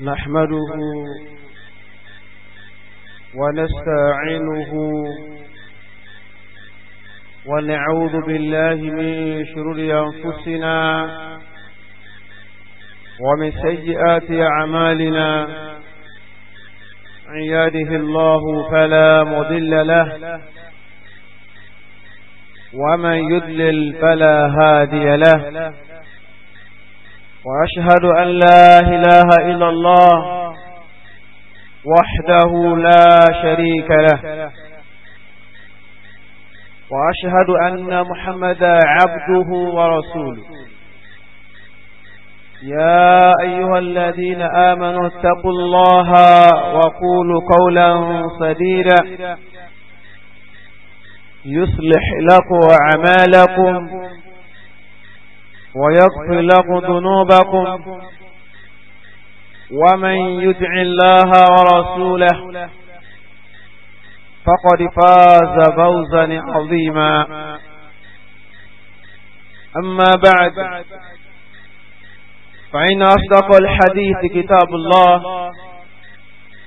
نحمده ونستعينه ونعوذ بالله من شرور أنفسنا ومن سيئات أعمالنا عياده الله فلا مضل له ومن يدلل فلا هادي له وأشهد أن لا إله إلا الله وحده لا شريك له وأشهد أن محمد عبده ورسوله يا أيها الذين آمنوا اتقوا الله وقولوا قولا صديرا يصلح لكم أعمالكم ويغفر لكم ذنوبكم ومن يدع الله ورسوله فقد فاز فوزا عظيما أما بعد فإن أصدق الحديث كتاب الله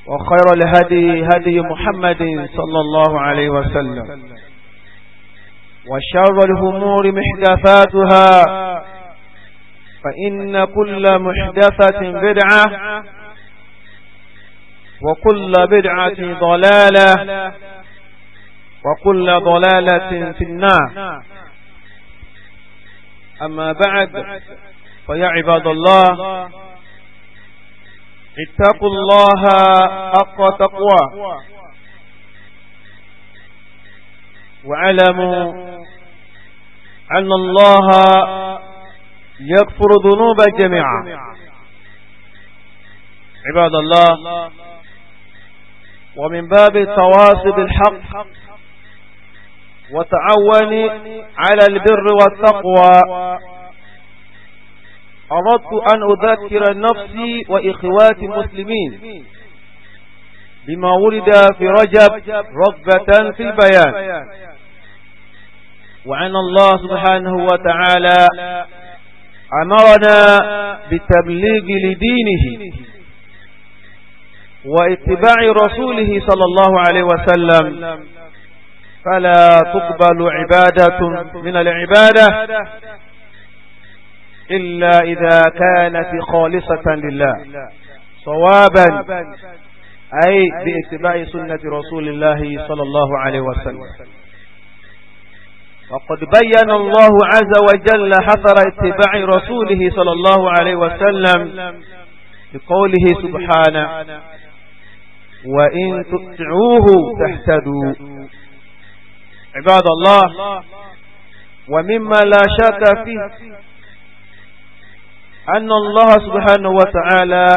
وخير الهدي هدي محمد صلى الله عليه وسلم وشر الهمور محدثاتها فإن كل محدثة بدعة وكل بدعة ضلالة وكل ضلالة في النار أما بعد فيا عباد الله اتقوا الله أقوى تقوى واعلموا أن الله يغفر ذنوب جميعا عباد الله ومن باب التواصي بالحق وتعاون على البر والتقوى أردت أن أذكر نفسي وإخواتي المسلمين بما ولد في رجب رغبة في البيان وعن الله سبحانه وتعالى أمرنا بتبليغ لدينه واتباع رسوله صلى الله عليه وسلم فلا تقبل عبادة من العبادة إلا إذا كانت خالصة لله صوابا أي باتباع سنة رسول الله صلى الله عليه وسلم وقد بين الله عز وجل حفر اتباع رسوله صلى الله عليه وسلم بقوله سبحانه وإن تطعوه تهتدوا عباد الله ومما لا شك فيه أن الله سبحانه وتعالى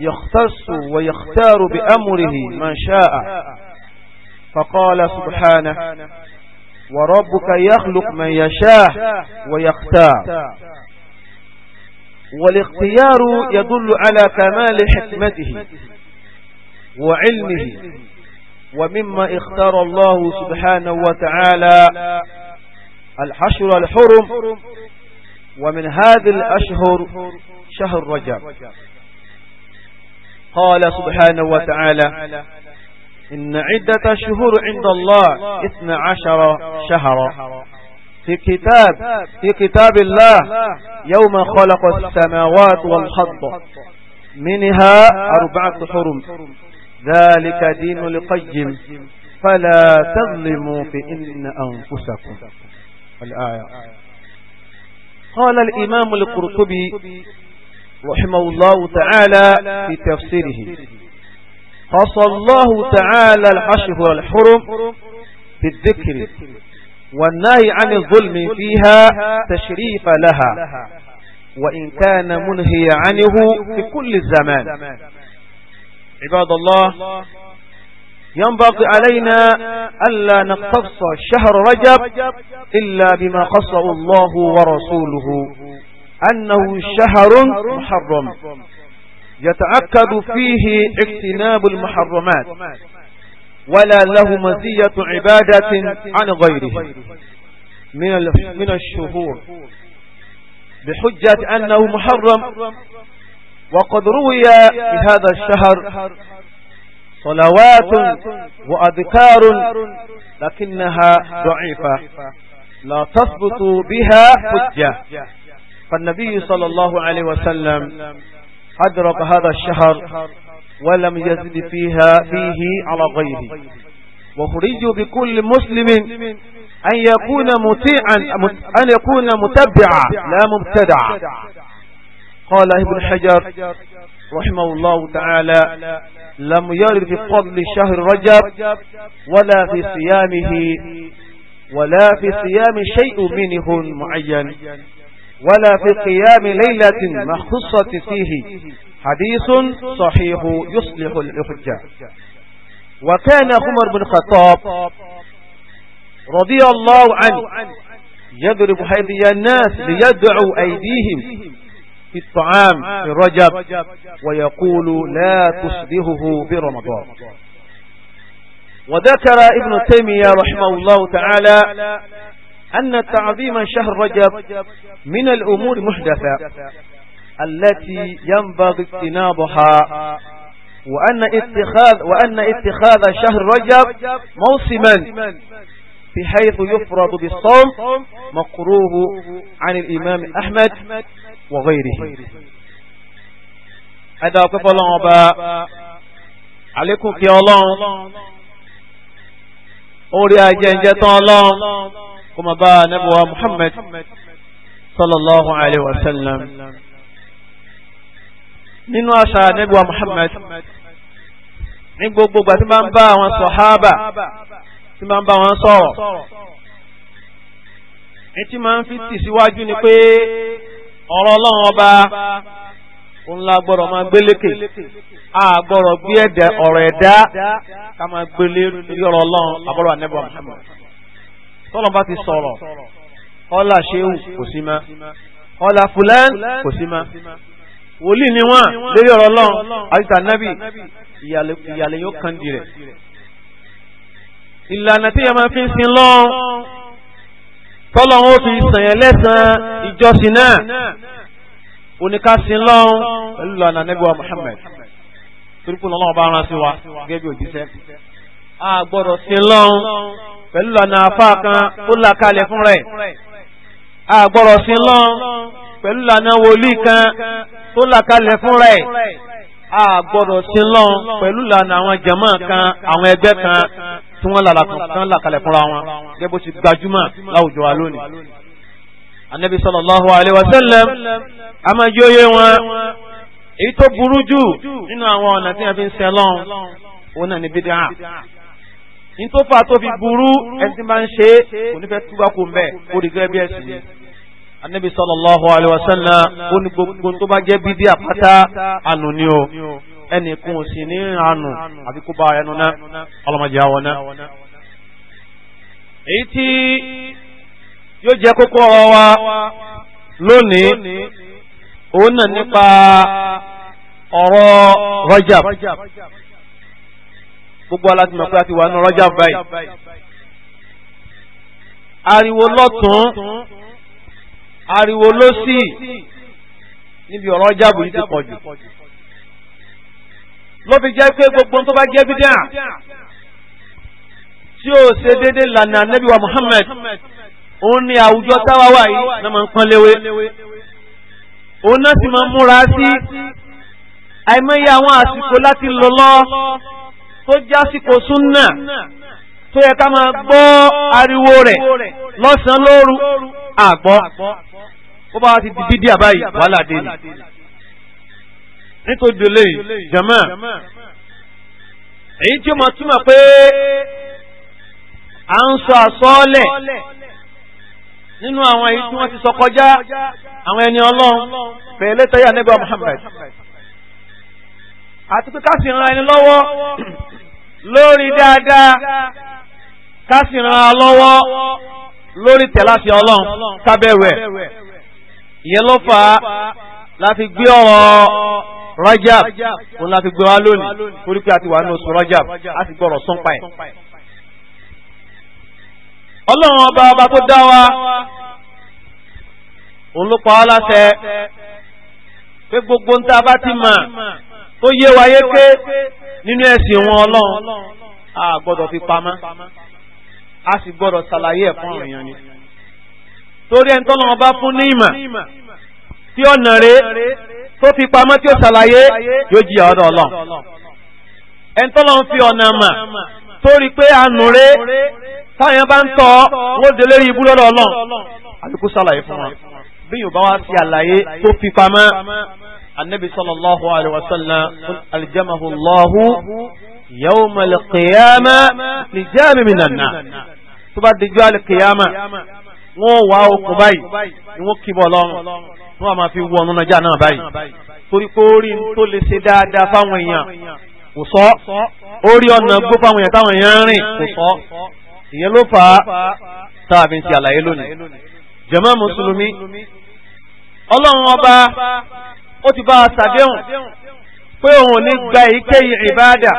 يختص ويختار بأمره من شاء فقال سبحانه وربك يخلق من يشاء ويختار والاختيار يدل على كمال حكمته وعلمه ومما اختار الله سبحانه وتعالى الحشر الحرم ومن هذه الأشهر شهر رجب قال سبحانه وتعالى إن عدة شهور عند الله إثنى عشر شهرا في كتاب في كتاب الله يوم خلق السماوات والخط منها أربعة حرم ذلك دين القيم فلا تظلموا فإن أنفسكم الآية قال الإمام القرطبي رحمه الله تعالى في تفسيره قص الله تعالى العشر الحرم بالذكر والنهي عن الظلم فيها تشريف لها وإن كان منهي عنه في كل الزمان عباد الله ينبغي علينا ألا نقتص شهر رجب إلا بما قصه الله ورسوله أنه شهر محرم يتأكد فيه اجتناب المحرمات ولا له مزية عبادة عن غيره من من الشهور بحجة أنه محرم وقد روي بهذا الشهر صلوات وأذكار لكنها ضعيفة لا تثبت بها حجة فالنبي صلى الله عليه وسلم أدرك هذا الشهر ولم يزد فيها فيه على غيره وخرج بكل مسلم أن يكون مطيعا أن يكون متبعا لا مبتدعا قال ابن حجر رحمه الله تعالى لم يرد في قبل شهر رجب ولا في صيامه ولا في صيام شيء منه معين ولا في قيام ليلة مخصصة فيه حديث صحيح يصلح الحجة وكان عمر بن الخطاب رضي الله عنه يضرب هذه الناس ليدعوا أيديهم في الطعام في رجب ويقول لا تشبهه برمضان وذكر ابن تيمية رحمه الله تعالى أن تعظيم شهر رجب من الأمور محدثة التي ينبغي اجتنابها وأن اتخاذ وأن اتخاذ شهر رجب موسما بحيث يفرض بالصوم مقروه عن الإمام أحمد وغيره هذا طفل أبا عليكم يا الله أولي أجنجة الله kó máa bá anábọ̀wá Muhammad sallallahu alayhi wa sallam nínú àṣà anábọ̀wá Muhammad ní gbogbo ìgbà tí máa ń bá àwọn sọ̀hábà tí máa ń bá wọn sọ̀rọ̀ ní tí máa ń fi tì síwájú ni pé ọ̀rọ̀ ọlọ́run ọba òun la gbọ́dọ̀ máa gbélékè a gbọ́dọ̀ gbé ọ̀rọ̀ ẹ̀dá ká máa gbélé lórí ọ̀rọ̀ ọlọ́run àbọ̀rọ̀ ànẹ́bọ̀ Muhammad tọ́lọ̀ bá ti sọ̀rọ̀ ọlá ṣeun kò sí ma ọlá fulan kò sí ma wòlíì ni wọ́n lórí ọ̀rọ̀ ọlọ́run àtìtà nábì ìyàlẹ̀ yóò kàn dì rẹ̀ ìlànà tí yẹn máa fi ń sin lọ́run tọ́lọ̀ ó fi sàn yẹn lẹ́sàn ìjọsìn náà oníkàsìn lọ́run pẹ̀lú ìlànà nẹ́gbẹ̀wá Muhammad torípò lọ́wọ́ bá rán sí wa gẹ́gẹ́ bí òjíṣẹ́ a gbọ́dọ̀ sin lọ́run pẹ̀lú lọ́nà afá kan ó là kalẹ̀ fún rẹ̀ àgbọ̀rọ̀ sí lọ́n pẹ̀lú lọ́nà wòlíì kan ó là kalẹ̀ fún rẹ̀ àgbọ̀rọ̀ sí lọ́n pẹ̀lú lọ́nà àwọn jàmáà kan àwọn ẹgbẹ́ kan tí wọ́n là kalẹ̀ fúnra wọn gẹ́gẹ́ bó ti gbajúmọ̀ láwùjọ wa lónìí anabi sallallahu alayhi wa sallam a máa jẹ́ òye wọn èyí tó burú jù nínú àwọn ọ̀nà tí wọ́n fi ń sẹ́lọ́n òun náà ni bídíà ní tó fà tó fi burú ẹni tí máa ń ṣe kò ní fẹ́ túbà kó mbẹ́ ó di gẹ́gẹ́ bí ẹ̀sìn ni. anabi sallallahu alayhi wa sallam ó ní gbogbo tó bá jẹ́ bídí àpáta ànú ni o ẹnìkan ò sì ní ànú àfi kó bá ẹnu náà ọlọ́mọdé àwọn náà. èyí tí yóò jẹ́ kókó ọ̀rọ̀ wa lónìí òun náà nípa ọ̀rọ̀ Rajab gbogbo aláti mọ̀ pé a ti wà ní rọ́jà báyìí ariwo lọ́tún ariwo lọ́sì níbi ọ̀rọ̀ jábù yìí ti pọ̀ jù ló fi jẹ́ pé gbogbo tó bá jẹ́ bídíà tí ó ṣe déédéé lànà Ànábì wa Muhammad òun ni àwùjọ táwa wà yìí náà máa ń pọ́n léwé òun náà sì máa ń múra sí àìmọye àwọn àsìkò láti lọ lọ tó jásìkò súnà tó yẹ ká máa gbọ́ ariwo rẹ̀ lọ́sàn-án lóru àgbọ́ ó bá ti di bídíà báyìí wàhálà dé ni nítorí délé jama èyí tí ó máa túmọ̀ pé à ń sọ àsọ́ọ́lẹ̀ nínú àwọn èyí tí wọ́n ti sọ kọjá àwọn ẹni ọlọ́run pẹ̀lẹ́tọ́yà nígbà àti pé ká sì ran ẹni lọ́wọ́ lórí dáadáa ká sì ran lọ́wọ́ lórí tẹ̀láṣẹ ọlọ́run kábẹ̀rù ẹ̀ ìyẹn ló fà á láti gbé ọ̀rọ̀ Rajab òun láti gbé wa lónìí torí pé a ti wà nínú oṣù Rajab a sì gbọ́rọ̀ sọ́npa ẹ̀. ọlọ́run ọba ọba tó dá wa òun ló pa ọ́ láṣẹ pé gbogbo ń tá a bá ti mọ̀ tó yé wa pé nínú ẹ̀sìn wọn ọlọ́run a gbọ́dọ̀ fi pamọ́ a sì gbọ́dọ̀ ṣàlàyé ẹ̀ fún àwọn ni torí ẹni tó lọ́wọ́ bá fún ní ìmọ̀ tí ó nà rè tó fi pamọ́ tí ó ṣàlàyé yóò jìyà ọ̀dọ̀ ọlọ́run ẹni tó lọ́wọ́ fi ọ̀nà mà torí pé àánú rè táyẹn bá ń tọ́ wọ́n délé ibú lọ́dọ̀ ọlọ́run àbíkú ṣàlàyé fún wọn bí yóò bá wá sí àlàyé tó fi pamọ́ النبي صلى الله عليه وسلم الجمه الله يوم القيامة لجام من النار تبعد دجال القيامة wọ́n wá okùn báyìí ni wọ́n kíbọ̀ lọ́rùn wọ́n a máa fi wọ ọ̀nà ọjà náà báyìí torí pé orí tó lè ṣe dáadáa fáwọn èèyàn kò sọ orí ọ̀nà gbó fáwọn èèyàn táwọn èèyàn rìn kò sọ ìyẹn ló fà á tàbí ti àlàyé lónìí jàmá mùsùlùmí ọlọ́run ọba ó ti bá a ṣàdéhùn pé òun ò ní gba èyíkéyìí ìbáàdà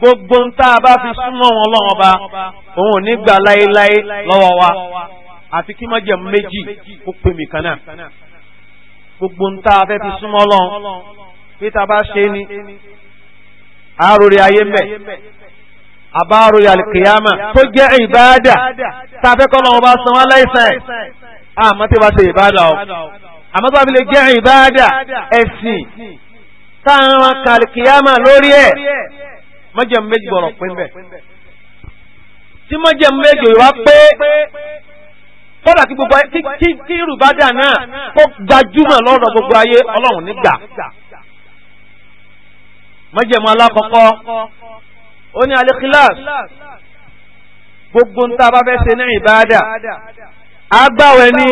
gbogbo ń tá a bá fi súnmọ́ wọn lọ́wọ́ ọba òun ní gba láéláé lọ́wọ́ wa àfi kí má jẹ́ méjì kó pè mí kan náà gbogbo ń tá a fẹ́ fi súnmọ́ lọ́wọ́ bí tá bá ṣe ni àròrí ayé mbẹ àbárò alkiyama tó jẹ́ ìbáàdà tá a fẹ́ kọ́ lọ́wọ́ bá sanwó aláìsàn ẹ̀ tí wàá ṣe ìbáàdà o àmọ́ tó bá fi lè jẹ́ ìbáàdà ẹ̀sìn táwọn kàlìkìyàmà lórí ẹ̀ mọ́jẹ̀ méjì gbọ́rọ̀ pín bẹ̀. tí mọ́jẹ̀ méjì wá pé kódà kí gbogbo ayé kí ìrùbádà náà kó gbajúmọ̀ lọ́dọ̀ gbogbo ayé ọlọ́run nígbà. mọ́jẹ̀mú alákọ̀ọ́kọ́ ó ní alikíláàsì gbogbo ń tá a bá fẹ́ ṣe ní ìbáàdà agbáwẹ̀ ni.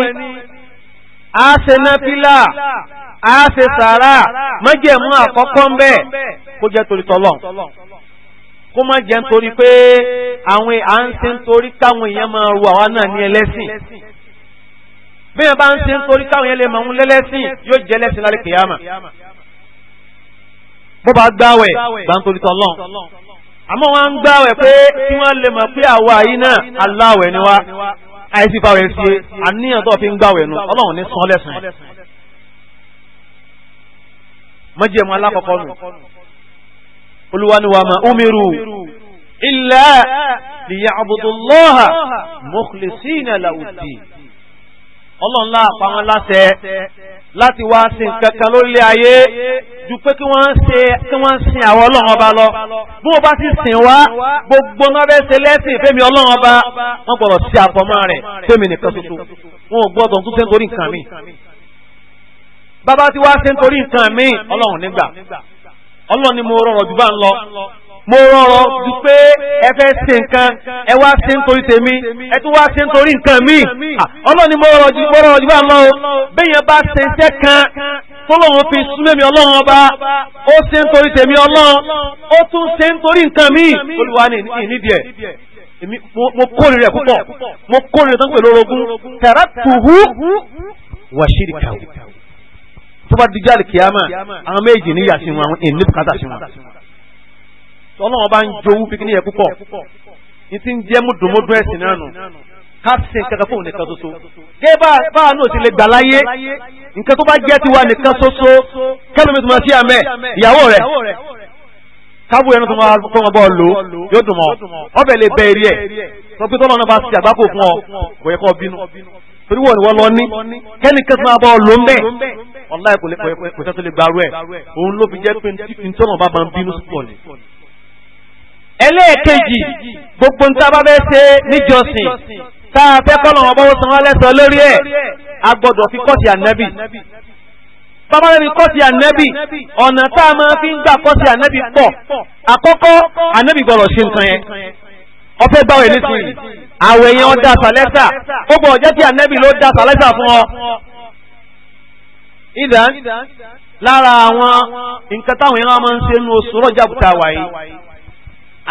Ase ṣe náfílà a ṣe sàárà májẹ̀mú àkọ́kọ́ ń bẹ̀ kó jẹ́ torí tọ́lọ̀ kó má jẹ́ nítorí pé àwọn à ń ṣe nítorí káwọn èèyàn máa ru àwa náà ní ẹlẹ́sìn bí wọn bá ń ṣe nítorí káwọn èèyàn lè máa ń lẹ́lẹ́sìn yóò jẹ́ lẹ́sìn lálẹ́ kìyàmà bó bá gbáwẹ̀ gbà nítorí tọ́lọ̀ àmọ́ wọn ń gbáwẹ̀ pé kí wọ́n lè mọ̀ pé àwa yìí náà aláwẹ̀ ni wá àìsí ìfà rẹ̀ ṣe àníyàn tó fi ń gbàwẹ̀ nu ọlọ́run ní san lẹ́sìn. mọ́jẹ̀mú alákọ̀ọ́kọ́ nù Olúwa ni wa ma umiru illa liya'budullaha mukhlisina lahu ddin ọlọ́run láàpá wọn láṣẹ láti wá sí kankan lórílẹ̀ ayé ju pé kí wọ́n ṣe kí wọ́n sin àwọn ọlọ́run ọba lọ bí wọ́n bá sì sìn wá gbogbo náà bẹ́ẹ̀ ṣe lẹ́sìn fẹ́mi ọlọ́run ọba wọ́n gbọ́dọ̀ sí àfọmọ́ rẹ̀ fẹ́mi nìkan ṣoṣo wọn ò gbọ́dọ̀ tún ṣe nítorí nǹkan mi bàbá tí wá ṣe nítorí nǹkan mi ọlọ́run nígbà ọlọ́run ni mo rọrọ̀ jù bá ń lọ mo rọrọ ju pé ẹ fẹ́ ṣe nǹkan ẹ wá ṣe nítorí tèmi ẹ tún wá ṣe nítorí nǹkan mi ah, ọlọ́run ni mo rọrọ ju mo rọrọ ju bá lọ bẹ́yẹn bá ṣe iṣẹ́ kan tọ́lọ́run fi súnmẹ́mi ọlọ́run ọba ó ṣe nítorí tèmi ọlọ́run ó tún ṣe nítorí nǹkan mi olúwa ní ìnídìí ẹ̀ mo kórìíra púpọ̀ mo kórìíra tó ń pè lórogún taratuhu wa shirikahu tó bá dijá lè kíyàmà àwọn méjì níyà sí wọn àwọn ènìyàn bùkátà sí wọn ọlọ́run bá ń jowú fi kí ní yẹ púpọ̀ ní ti ń jẹ́ múdùmúdù ẹ̀sìn náà nù káàsì nǹkan fún nìkan ṣoṣo gẹ́gẹ́ bá a náà ti lè gbà láyé nǹkan tó bá jẹ́ tiwa nìkan ṣoṣo kẹ́lómi tó máa ṣí àmẹ́ ìyàwó rẹ̀ kábù ẹnu tó máa fọmọ bọ́ lò yóò dùn mọ́ ọbẹ̀ lè bẹ eré ẹ̀ sọ pé tọ́lọ́ náà bá ṣe àgbákò fún ọ kò yẹ kó bínú torí wọ́n ni wọ́n lọ ní kẹ́nìkan tó máa bọ́ lò ń bẹ̀ ọ̀la ẹ̀ kò lè gbarú ẹ̀ òun ló fi jẹ́ pé ntọ́nà ẹlẹ́ẹ̀kejì gbogbo nta bá bẹ́ ṣe níjọsìn tá a fẹ́ kọ́ lọ́wọ́ bọ́wọ́ sanwó lẹ́sọ̀ lórí ẹ̀ a gbọ́dọ̀ fi kọ́sì ànẹ́bì bàbá rẹ̀ fi kọ́sì ànẹ́bì ọ̀nà tá a máa fi ń gbà kọ́sì ànẹ́bì pọ̀ àkọ́kọ́ ànẹ́bì gbọ́dọ̀ ṣe nǹkan yẹn ọfẹ gbàwé nísìnyí àwẹ̀ yẹn ọ da ó gbọ́dọ̀ jẹ́ kí ànẹ́bì ló da sàlẹsà fún ọ ìdán lára àwọn nǹkan táwọn yẹn máa ń ṣe nínú oṣù rọjà bùtà wáyé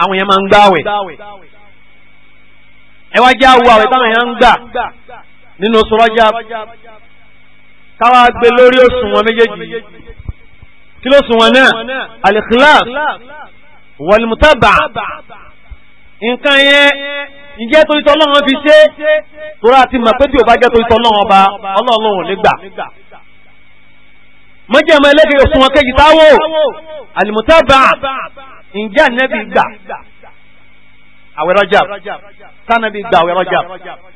àwọn yẹn máa ń gbààwẹ̀ ẹ wá jẹ́ àwọ̀ àwẹ̀ táwọn yẹn ń gbà nínú oṣù Rajab káwá gbé lórí òṣùwọ̀n méjèèjì kí ló sùn wọn náà al-ikhlas wal-mutaba'ah nǹkan yẹn ǹjẹ́ torí tọ́lọ́run fi ṣe torí àti mọ̀ ò bá jẹ́ torí tọ́lọ́run ọba ọlọ́run ò lè gbà mọ́jẹ́ ọmọ ẹlẹ́gẹ̀ẹ́ òṣùwọ̀n kejì táwọ̀ al ǹjẹ́ ànábì gbà àwẹ̀ Rajab tánàbì gbà àwẹ̀ Rajab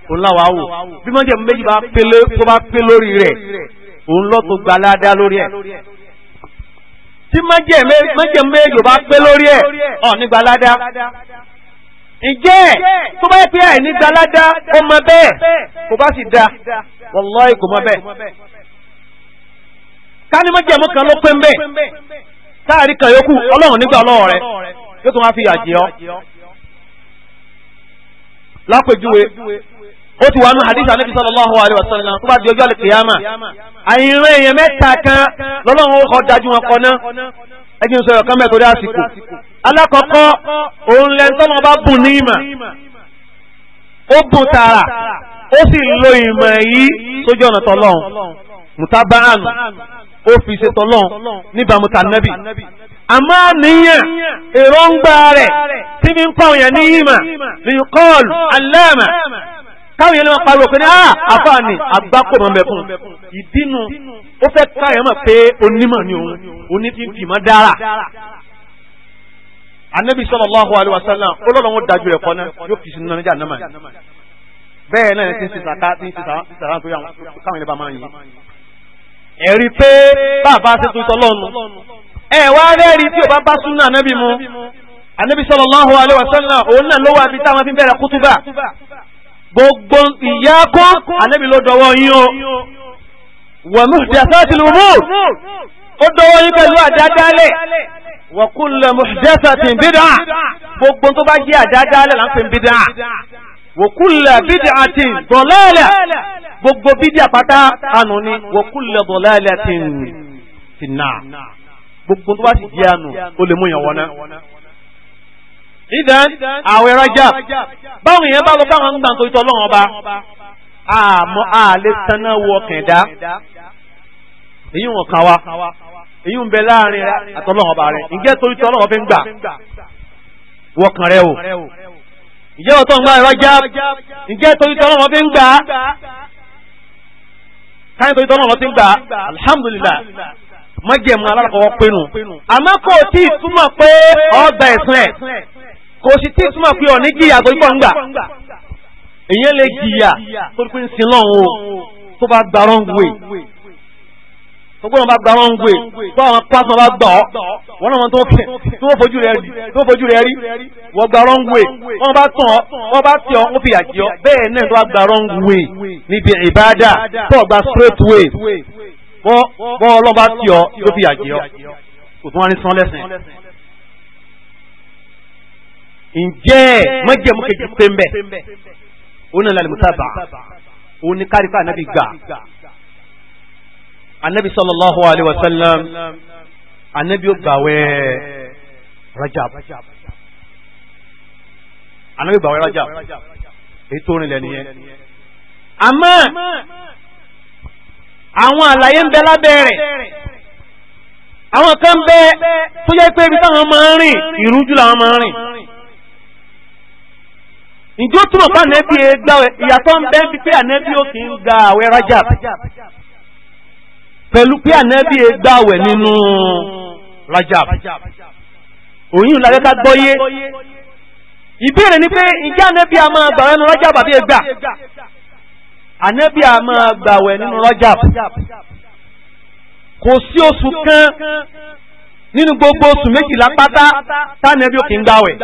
òun láwa wò bí wọ́n jẹ́ méjì tó bá pé lórí rẹ̀ òun lọ́tọ̀ gba aládá lórí ẹ̀ tí mọ́jẹ̀ méjì bá pé lórí ẹ̀ ọ̀ nígbà aládá ǹjẹ́ tó bá yẹ pé àìní gba aládá ó mọ bẹ́ẹ̀ kò bá sì da wallahi kò mọ bẹ́ẹ̀ ká ní mọ́jẹ̀ mú kan táàrí kan yókù ọlọ́run nígbà ọlọ́run rẹ yóò tún wá fi yàjẹ́ ọ. lápèjúwe ó ti wà nù hadith anabi sallallahu alayhi wa sallam tó bá di ọjọ́ àlùkìyàmà àyìnrán èèyàn mẹ́ta kan lọ́lọ́run ó dájú wọn sọ̀rọ̀ àsìkò alákọ̀ọ́kọ́ òun bá ní ó tààrà ó sì lo ìmọ̀ yìí ó fi ṣe tọ́lọ́n níbàámu ta nẹ́bì àmọ́ níyàn èròǹgbà rẹ̀ tí mi ń kọ́ òyìn ní ìmọ̀ ní kọ́ọ̀lù aláàmà káwọn yẹn lè máa pariwo pé ní ah, àfààní àgbákòmọ̀ mẹ́fún ìdínú ó fẹ́ káyọ̀ mọ̀ pé onímọ̀ ni òun onífífì mọ́ dára anabi sallallahu alaihi wasallam olóòlọ́wọ́ dájú ẹ̀kọ́ náà yóò fi sinú náà níjà náà bẹ́ẹ̀ náà ti ń sisa ká ti ń sisa sisa láti káwọn ilé bá máa yin ẹ̀rí pé bàbá ṣe tó tọ́lọ́nu ẹ wá rẹ́rí tí ò bá bá súnà ànábì mu ànábì sallallahu alaihi wasallam òun náà ló wà bí táwọn fi bẹ̀rẹ̀ kútúbà gbogbo ìyá kó ànábì ló dọwọ́ yín o wa muhdathatil umur ó dọwọ́ yín pẹ̀lú àdádálẹ̀ wa kullu muhdathatin bid'ah gbogbo tó bá jẹ́ àdádálẹ̀ là bídà wòkúlẹ̀ bídíà tí gbogbo bídíà pátá ànú ni wòkúlẹ̀ dọ̀lẹ́lẹ̀ ti nà gbogbo tó bá sì jẹ́ ànú ó lè mú yàn wọ́n náà. ìdán àwẹ̀ Rajab báwọn èèyàn bá lọ báwọn ń gbà tó ìtọ́ lọ́wọ́n ọba àmọ́ wọ kẹ̀dá èyí wọn kà wá èyí ń bẹ láàrin àtọ́lọ́wọ́n ọba rẹ̀ ǹjẹ́ torí fi o. ìjẹ́ ọ̀tọ̀ ń gbá ìrọ́jà ìjẹ́ torí tọ́lọ́ wọn fi ń gbà á káyọ̀ torí tọ́lọ́ fi ń gbà á alhamdulillah mọ́jẹ̀mú alárakọ̀wọ́ pinnu àmọ́ kò tí ì túmọ̀ pé ọgbà ẹ̀sìn ẹ̀ kò sì tí ì túmọ̀ pé ọ̀ní jìyà torí ń gbà èyí lè jìyà torí ń sin lọ́hùn o tó bá gba gbogbo wọn bá gba wọn ń gbé tó àwọn pásọ bá gbà ọ wọn náà wọn tó kẹ tó fojú rẹ rí tó fojú rẹ rí wọn gba wọn ń gbé wọn bá tàn ọ wọn bá tẹ ọ wọn fi yàjẹ ọ bẹ́ẹ̀ náà tó bá gba wọn gbé níbi ìbáadà tó gba straight way bọ bọ ọlọ́ba tẹ ọ tó fi yàjẹ ọ kò tún wá ní sán lẹ́sìn. ǹjẹ́ mọ́jẹ̀mú kejì pé ń bẹ̀ ó náà lálẹ́ mọ́tàbà ó ní káríkà náà fi gbà anabi sallallahu alayhi wa sallam anabi ó gbàwẹ̀ rajab anabi gbàwẹ̀ rajab èyí tó rìnlẹ̀ nìyẹn àmọ́ àwọn àlàyé ń bẹ lábẹ́ rẹ̀ àwọn kan bẹ tó yẹ pé ibi táwọn máa ń rìn ìrújú làwọn máa ń rìn ìjó túmọ̀ fún ànẹ́bí gbàwẹ̀ ìyàtọ̀ ń bẹ bí pé ànẹ́bí ó kì í gba rajab pẹ̀lú pé ànábì e gbàwẹ̀ nínú Rajab òyìn làgẹ́ ká gbọ́yé ìbéèrè ni pé ǹjẹ́ ànábì a máa gbàwẹ̀ nínú Rajab àbí ẹgbà e ànábì a máa gbàwẹ̀ nínú Rajab kò sí oṣù kan nínú gbogbo oṣù méjìlá pátá tánàbí òkè ń gbàwẹ̀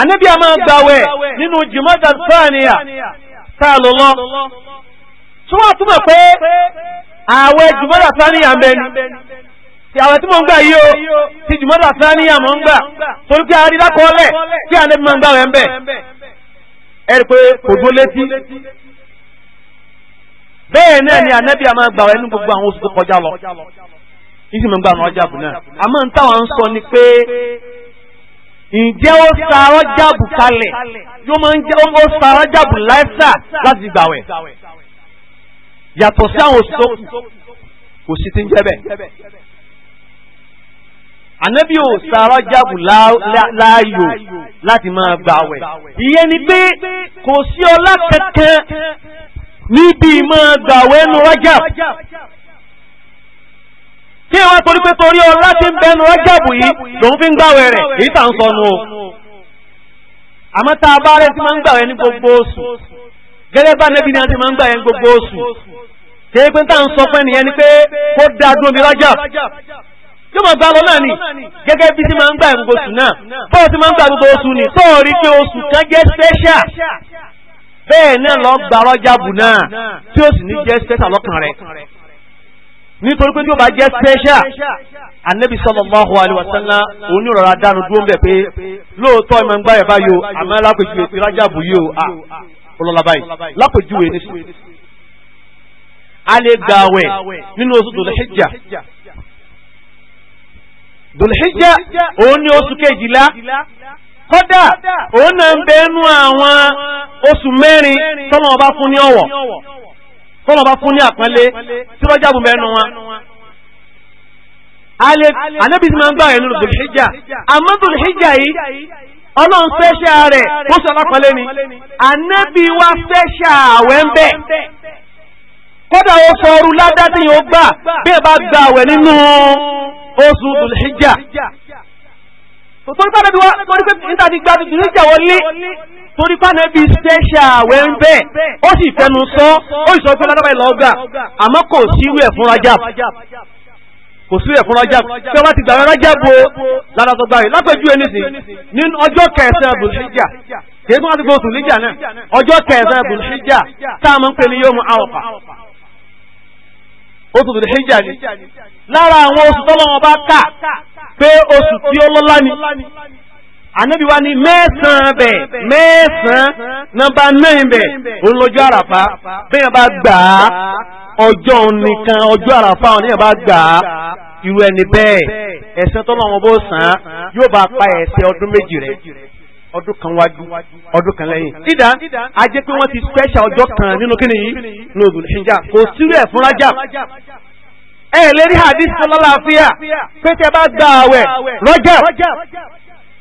ànábì a máa gbàwẹ̀ nínú Jumada Thaniya tá a lò lọ tó wà túmọ̀ pé ààwẹ̀ jùmọ́dà sáníyà ń bẹ ni tí ààwẹ̀ tí mo ń gbà yìí o ti jùmọ́dà sáníyà mọ̀ ń gbà torí pé arí lákọọ́lẹ̀ tí àná máa ń gbà wẹ̀ bẹ̀ ẹ rí pé kò dúró létí bẹ́ẹ̀ náà ni ànábì àmọ́ gbà wẹ̀ ní gbogbo àwọn oṣù tó kọjá lọ ìsì mọ̀ ń gbà àwọn ọjà bù náà àmọ́ ń táwọn ń sọ ni pé ǹjẹ́ ó sa ọjà bù kalẹ̀ yóò máa ń jẹ́ ó sa ọjà bù láìsà láti gbà wẹ̀ yàtọ̀ sí àwọn sọ kò sí ti ń jẹ́ bẹ́ẹ̀. Ànábì ò sàárọ̀ jáàbù láàyò láti máa gbà wẹ̀. Ìyẹn ni pé kò sí ọlá kankan níbi máa gbà wẹ̀ ẹnu rájà. Kí wọ́n torí pé torí ọlá ti ń bẹnu rájàbù yìí lòun fi ń gbà wẹ̀ rẹ̀, èyí tà ń sọnù o. Àmọ́ tá a bá rẹ̀ ti máa ń gbà wẹ̀ ní gbogbo oṣù gẹ́gẹ́ bá nẹ́bí ni a ti máa ń gbà yẹn gbogbo oṣù kìí pé tá à ń sọ fún ẹnìyẹn ni pé kó dá dúró mi rájà tí mo gbà lọ náà ni gẹ́gẹ́ bí ti máa ń gbà gbogbo oṣù náà fọ́ọ̀ ti máa ń gbà gbogbo oṣù ni tó rí pé oṣù kan jẹ́ special bẹ́ẹ̀ náà lọ gba rọ́jà bù náà tí ó sì ní jẹ́ special lọ́kàn rẹ̀ nítorí pé tí ó bá jẹ́ special anabi sallallahu alaihi wasallam òun yóò rọra dánu dúró ń bẹ̀ pé lóòótọ́ ìmọ̀ ń gbà yẹ̀ báyò àmọ́ alákòjú ètò rájà bù yìí o ọlọ́lá báyìí lápèjúwe ní sí a lè gba àwẹ̀ nínú oṣù dòlẹ́hìjà dòlẹ́hìjà òun ní oṣù kejìlá kódà òun náà ń bẹ nú àwọn oṣù mẹ́rin tọ́nà ọba fún ní ọ̀wọ̀ tọ́nà ọba fún ní àpọ́nlé tí wọ́n jábùn bẹ́ẹ̀ nù wọn alẹ́ anábìsí máa ń gbà ẹ̀ nínú dòlẹ́hìjà àmọ́ dòlẹ́hìjà yìí ọlọ́run fẹ́ṣẹ́ rẹ̀ ó sọ lápọ̀lẹ́ ni ànábì wa fẹ́ṣẹ́ àwẹ̀ ń bẹ̀ kódà ó sọ ọrú ládá tí yóò gbà bí ẹ bá gba àwẹ̀ nínú oṣù Dhul-Hijja torí pé ànábì wa torí pé níta ti gba Dhul-Hijja wọlé torí pé ànábì ṣẹ́ṣẹ́ àwẹ̀ ń bẹ̀ ó sì fẹnu sọ ó sì sọ pé ládàbà ìlọ́gà àmọ́ kò sí ìwé ẹ̀fúnra jáàbù. kò sí ẹ̀fún rọ́jà pé wọ́n ti gbà wọ́n bo lára tó gbà rẹ̀ ẹni sí ní ọjọ́ kẹsàn-án bùnṣíjà kìí tún wá sí gbóòsùn níjà náà ọjọ́ kẹsàn bùnṣíjà táàmù ń pè ní yóò mú ni lára àwọn oṣù tọ́lọ́wọ́n bá kà pé oṣù tí ó lọ́lá ni ànábì wa ní mẹ́sàn-án bẹ̀ mẹ́sàn-án nọmba nine bẹ̀ òun lọ́jọ́ àràfà bẹ́ẹ̀ bá gbà á ọjọ́ nìkan ọjọ́ àràfà òun yẹn bá gbà á irú ẹni bẹ́ẹ̀ ẹ̀ṣẹ̀ tó lọ́wọ́ bó sàn án yóò bá pa ẹ̀ṣẹ̀ ọdún méjì rẹ̀ ọdún kan wájú ọdún kan lẹ́yìn. dídá a pé wọ́n ti special ọjọ́ kan nínú kíni yìí ní òdùn ṣíjà kò sírú ẹ̀ fún rájà ẹ̀ lérí hadith sọlọ́láfíà pé tẹ́ bá gba àwẹ̀ rọ́jà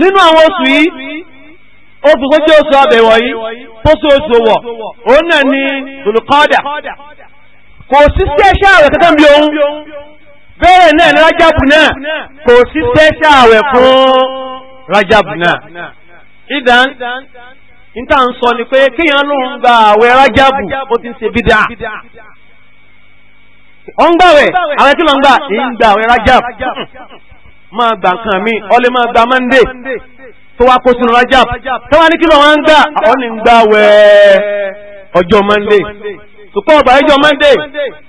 nínú àwọn oṣù yìí ó fi kó jẹ́ oṣù àbẹ̀wọ̀ yìí tó sí oṣù wọ̀ òun náà ni dùlùkọ́dà kò sí sẹ́ṣẹ́ àwẹ̀ kankan bí òun bẹ́ẹ̀ náà ní rájàbù náà kò sí sẹ́ṣẹ́ àwẹ̀ fún rajabu náà ìdán níta ń sọ ni pé kíyàn ló ń gba àwẹ̀ rájàbù ó ti ń ṣe bídà ó ń gbàwẹ̀ àwẹ̀ kí ló ń gbà ń àwẹ̀ máa gbà nǹkan mi ọlẹ́ máa gba mọ́ndé tó wá kó sínú rajab táwọn ní kí ló wọn ń gbà àwọn ní ń gbà wẹ́ẹ́ ọjọ́ mọ́ndé tùkọ́ ọba ẹjọ́ mọ́ndé